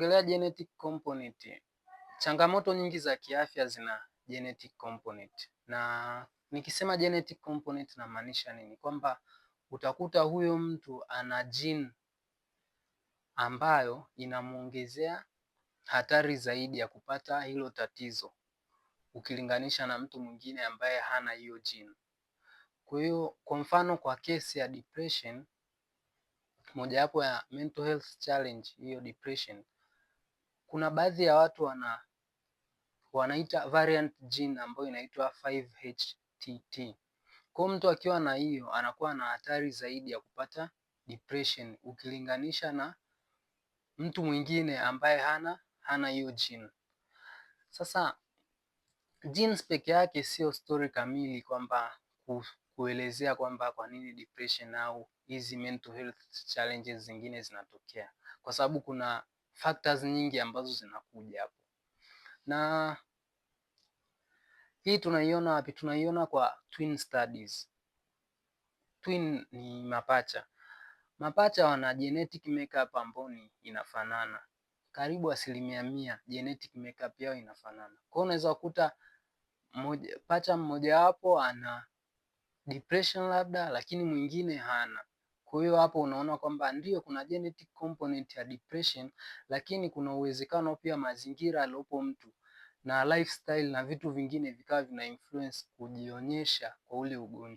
Ongelea genetic component. Changamoto nyingi za kiafya zina genetic component. Na nikisema genetic component namaanisha nini? Kwamba utakuta huyo mtu ana gene ambayo inamwongezea hatari zaidi ya kupata hilo tatizo ukilinganisha na mtu mwingine ambaye hana hiyo gene. Kwa hiyo kwa mfano kwa kesi ya depression mojawapo ya mental health challenge hiyo depression kuna baadhi ya watu wana wanaita variant gene ambayo inaitwa 5HTT. Kwa mtu akiwa na hiyo anakuwa na hatari zaidi ya kupata depression ukilinganisha na mtu mwingine ambaye hana hana hiyo gene. Sasa genes peke yake sio story kamili kwamba kuelezea kwamba kwa nini depression au hizi mental health challenges zingine zinatokea, kwa sababu kuna factors nyingi ambazo zinakuja hapo, na hii tunaiona wapi? Tunaiona kwa twin studies. Twin ni mapacha. Mapacha wana genetic makeup ambayo inafanana karibu asilimia mia, genetic makeup yao inafanana. Kwa hiyo unaweza kukuta pacha mmojawapo ana depression labda, lakini mwingine hana. Kwa hiyo hapo unaona kwamba ndio kuna genetic component ya depression, lakini kuna uwezekano pia mazingira aliyopo mtu na lifestyle na vitu vingine vikawa vina influence kujionyesha kwa ule ugonjwa.